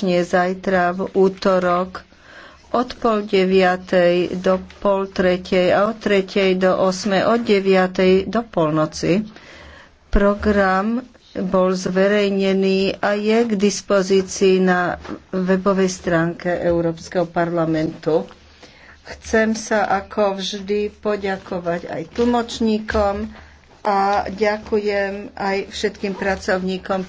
začne zajtra v útorok od pol deviatej do pol tretej a od tretej do osmej, od deviatej do polnoci. Program bol zverejnený a je k dispozícii na webovej stránke Európskeho parlamentu. Chcem sa ako vždy poďakovať aj tlmočníkom a ďakujem aj všetkým pracovníkom.